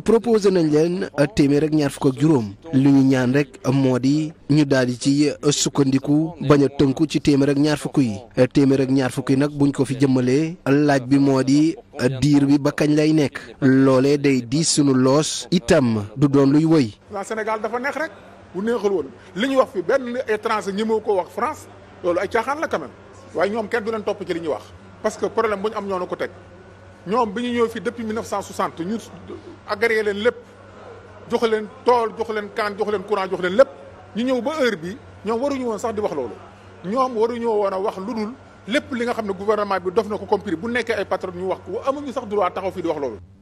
proposé nañ leen téeméer ak ñaar fukk ak juróom lu ñu ñaan rek moo di ñu daal di ci sukkandiku bañ a tënku ci téeméer ak ñaar fukk yi téeméer ak ñaar fukk yi nag buñ ko fi jëmmalee laaj bi moo di diir bi ba kañ lay nekk loolee day di sunu loos itam du doon luy woy waa Sénégal dafa neex rek bu neexul woon li ñu wax fi benn étranger ñi moo ko wax France loolu ay caaxaan la quand même waaye ñoom kenn du leen topp ci li ñuy wax parce que problème bu ñu am ñoo ko teg ñoom bi ñu ñëw agréé leen lépp jox leen tool jox leen kaan jox leen courant jox leen lépp ñu ñëw ba heure bi ñoom waruñu woon sax di wax loolu ñoom waruñoo woon a wax lu dul lépp li nga xam ne gouvernement bi def na ko comme prix bu nekkee ay patron ñu wax ko amuñu sax droit taxaw fii di wax loolu